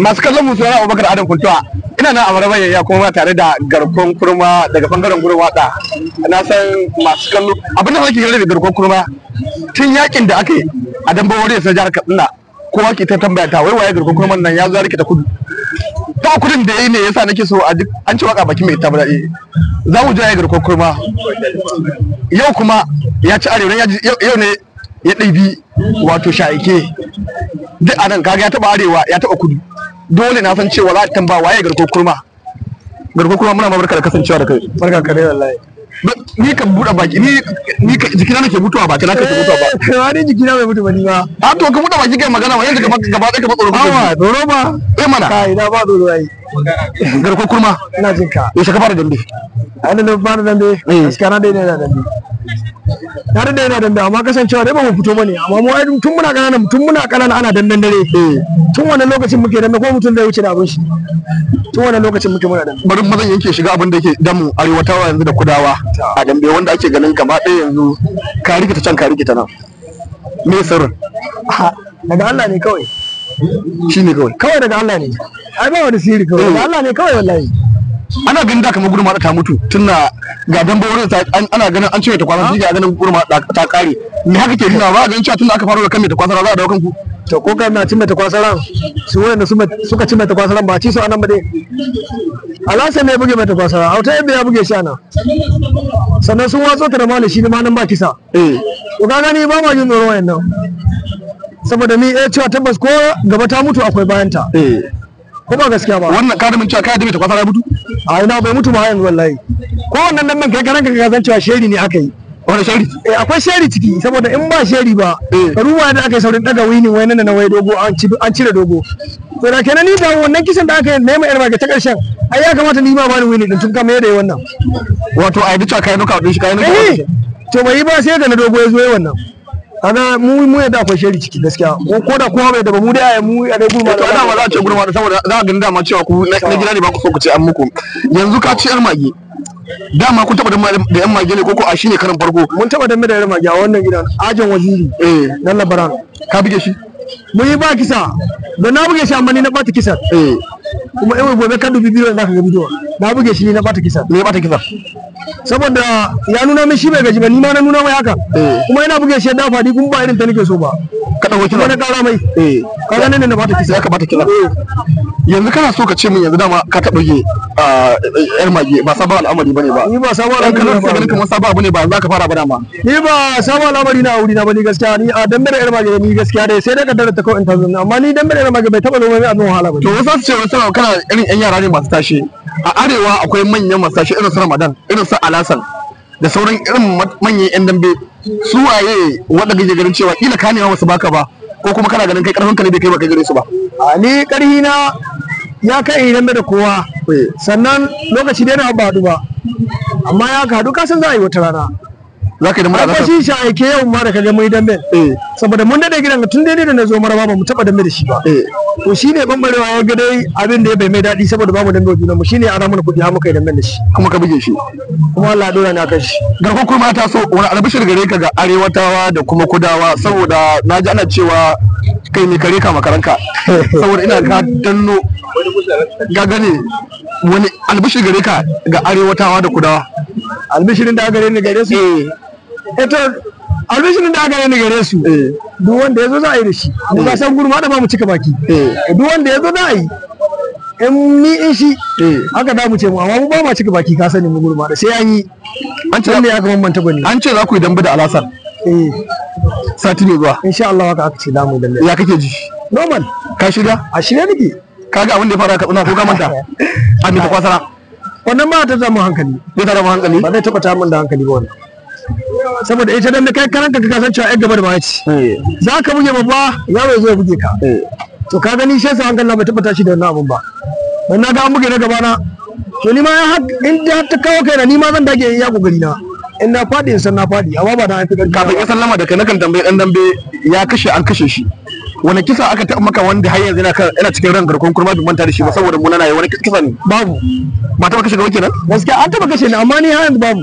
masu kallon musu yana Abubakar Adam Kuntuwa ina nan a maraba ya kuma tare da garkon kurma daga bangaren gurin wata na san masu kallo abin da ke gani da garkon kurma tun yakin da aka yi a dan wani ya jihar Katsina kowa ke ta tambaya ta wai waye garkon kurman nan ya zo rike ta kudu ta kudin da yayi ne yasa nake so a an ci waka baki mai tabradi eh, za mu jira garkon kurma yau kuma ya ci arewa yau ne ya ɗabi wato sha'ike duk a nan kaga ya taba arewa ya taba kudu dole na san cewa za a tamba waye garko kurma garko kurma muna mabarka da kasancewa da kai barka ka dai wallahi ni kan buɗe baki ni ni jikina nake mutuwa ba kana kake mutuwa ba ba ni jikina bai mutu ba ni ba a to ka buɗe baki kai magana wa yanzu gaba gaba ɗaya ka tsoro ba tsoro ba eh mana kai na ba tsoro ai garko kurma ina jinka yaushe ka fara dambe a ina fara dambe eh. askana dai ne na dambe tare da yana dandare amma kasancewa dai ba mu fito bane amma mu ai tun muna kanana tun muna kanana ana dandare dare eh. tun wannan lokacin muke dandare ko mutum zai wuce da abin shi tun wannan lokacin muke muna dandare bari mazan yanke shiga abin da yake damu arewatawa yanzu da kudawa a dambe wanda ake ganin gaba ɗaya yanzu ka rikita can ka rikita nan me sir daga Allah ne kawai shine kawai kawai daga Allah ne ai ba wani sirri kawai daga eh. Allah ne kawai wallahi ana ganin da kamar gurma ta mutu tun na ga dan bawurin ana ganin an cire ta kwana shi ga ganin gurma ta kare me haka ke nuna ba ganin cewa tun aka fara da kan me ta kwasara za a dawo kanku to ko ga na cimma ta kwasa ran su wanda suka cimma ta ta ran ba ci su anan ba dai alasa ne buge mai ta ran, hauta yadda ya buge shi ana sannan sun watso ta da malashi ne ma nan ba kisa eh. to ga gani ba ma jin tsoron wayannan saboda ni eh cewa tabbas ko gaba ta mutu akwai bayanta eh. ko ba gaskiya ba wannan ka mun cewa kai da bai ta kwasa mutu a ina bai mutu ba yanzu wallahi ko wannan nan man kai karan ka san cewa sheri ne aka yi wani sheri eh akwai sheri ciki saboda in ba sheri ba ruwa da aka yi saurin daga wini wai nan na wai dogo an cire dogo to da kenan ni da wannan kisan da aka yi nema yar baka ta karshen ai ya kamata ni ma bani wini din tun ka mai yi wannan wato a yi duka kai nuka din shi kai nuka eh, to bai ba sai da na dogo ya zo wannan ana mu mu yadda akwai shiri ciki gaskiya ko ko da kowa bai da mu dai mu a dai gurma to dama za a ce gurma da saboda za a ga dama cewa ku na gida ne ba ku so ku ce an muku yanzu ka ci yar mage dama kun taba da yan mage ne ko ko a shine karan farko mun taba da da yan mage a wannan gidan ajin waziri eh nan labaran ka buge shi mun yi ba kisa da na buge shi amma ni na bata kisa eh kuma wai gobe ka dubi bidiyon zaka ga bidiyo na buge shi ni na bata kisa na bata kisa saboda ya nuna min shi bai gaji ba ni ma na nuna mai haka eh. kuma yana buge shi ya dafa ni kuma ba irin ta nake so ba ka dauki na kara mai eh ne ba ta kisa ya kamata kila eh. yanzu kana so ka ce min yanzu dama ka taɓa yi yar mage ba sabon al'amari bane ba ni ba sabon al'amari ba kana ganin kamar sabon abu ne ba za ka fara bana ma ni ba sabon al'amari na wuri na ba ni gaskiya ni a dambe da yar mage ni gaskiya dai sai da kaddara ta kawai in tazo amma ni dambe da yar mage bai taɓa zama mai abin wahala ba to wasu su ce wasu kana irin yan yara ne masu tashi a arewa akwai manyan masu tashi irin su Ramadan irin su Alasan da sauran irin manyan yan dambe su waye wanda kake ganin cewa kila ka ma wasu baka ba ko kuma kana ganin kai karfin ka ne bai kai ba kai gare su ba ni karhi na ya kai idan da kowa eh. sannan lokaci da yana ba ba amma ya kadu kasan za a yi wata rana za ka yi dambe a ƙasar shi aike yau ma da kaga mun dambe eh. saboda mun dade gidan tun dai da na zo maraba ba mu taba dambe da shi ba eh. to shi ne bambarewa ya ga dai abin da ya bai mai daɗi saboda ba mu dambe juna mu shine ana mana kuɗi har muka yi dambe da shi kuma ka buge shi kuma Allah ya dora ni akan shi garkon kuma ta so wani albishir gare ka ga arewatawa da kuma kudawa saboda na naji ana cewa kai ne kare ka makaranka saboda ina ka danno ga gane wani albishir gare ka ga arewatawa da kudawa albishirin da gare ni gare su eh. eto albishirin da aka ni gare su eh. duk wanda ya zo za a yi da shi mu eh. ka san gurma da ba mu cika baki eh. duk wanda ya zo za a yi in ni in shi haka da mu ce mu amma mu ba ma cika baki ka sani mu gurma da sai an yi an ce ne aka bambanta bane an ce za ku yi dambe da alasan sati ne zuwa insha Allah haka aka ce damu dalle ya kake ji normal ka shirya a shirya nake kaga abin da ya fara ka tsuna ko ka manta a mi ka kwasara wannan ba ta zama hankali ba ta zama hankali ba zai taba ta mun da hankali ba wannan saboda ita dan da kai karanka ka san cewa ai gaba da baya eh. za ka buge babba za mu zo buge ka eh. to ka gani shi yasa hankali bai tabbata shi da wannan abun ba dan ga an buge na gaba na to ni ma in da ta kawo kai na ni ma zan dage iya kokari na in na faɗi in san na faɗi amma ba dan an fi kafin ya sallama da kai nakan tambaye dan dambe ya kashe an kashe shi wani kisa aka taɓa maka wanda har yanzu yana cikin ran garkon kurma bin manta da shi ba saboda mu nana wani kisa ne babu ba taɓa kashe gaba kenan gaskiya an taɓa kashe ni amma ni har yanzu babu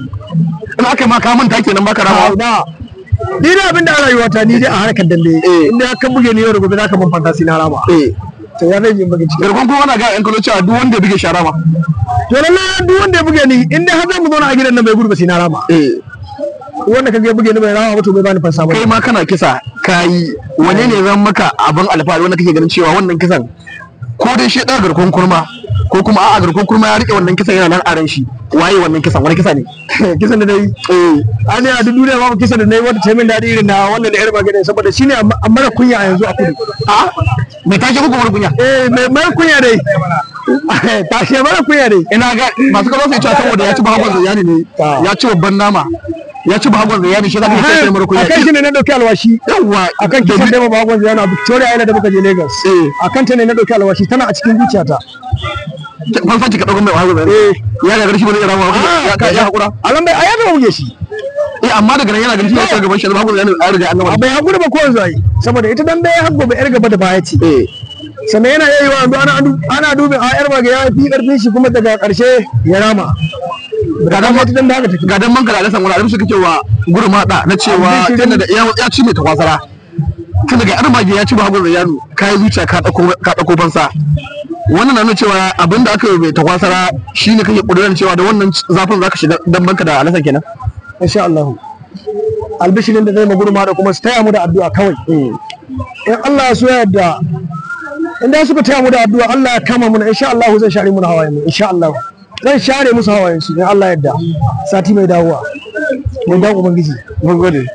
in aka ma ka manta kenan baka rawa da ni da abin da a rayuwata ni dai a harkar dambe eh. inda ka buge ni yau da gobe zaka ban fantasi na rama eh. to ya rage maka ciki garkon kuma na ga yan kallo cewa duk wanda ya buge shara rama to lallai duk wanda ya buge ni inda har mu zauna a gidan nan bai gudu ba sai na rama eh wanda kaga ya buge ni bai rama ba to bai bani fansa ba kai ma kana kisa ka yi wane ne zan maka abin alfahari wanda kake ganin cewa wannan kisan ko dai shi ɗaga garkon kurma ko kuma a'a garkon kurma ya rike wannan kisan yana nan a ran shi waye wannan kisan wani kisa ne kisan da dai eh an yi a duk duniya babu kisan da nayi wanda ta min daɗi irin na wannan da yar magana saboda shine a mara kunya a yanzu a kudu a mai tashi ko mara kunya eh mai mara kunya dai tashi mara kunya dai ina ga masu kallon su cewa saboda ya ci babu zayani ne ya ci babban nama ya ci bagon zai yana shi zaka kai marko ya akan shi ne na dauki alwashi yawa akan ki sai da bagon zai yana Victoria yana da muka je Lagos eh. akan ta ne na dauki alwashi tana a cikin zuciyata ban fanta ka dauko mai wahala eh ya ga garshi bane ah, ya rawa ya hakura alan bai ayaba wuge shi eh amma daga nan yana ganin cewa eh. gaban shi babu yana ya riga Allah bai hakuri ba ko zai saboda ita dan bai hakko bai yar gaba da baya ce eh. sannan yana yayi wa ana ana dubin a yar ba ga ya fi karfin shi kuma daga karshe ya rama gadan ma gidan da haka take gadan man gara san wuraren su kake wa gurmada na cewa tana da ya ci mai takwasara Tunda daga armage ya ci ba hagun rayano kai zuciya ka dauko ka dauko bansa wannan na nuna cewa abinda aka yi mai takwasara shine kake kudurin cewa da wannan zafin zaka shiga dan banka da alasan kenan insha Allah albishirin da zai magurma da kuma su taya mu da addu'a kawai eh. in Allah so yarda in da suka taya mu da addu'a Allah ya kama mu insha Allah zai share mu na hawaye mu insha Allah zan share musu hawayen su in Allah yadda sati mai dawowa mun dan ubangiji mun gode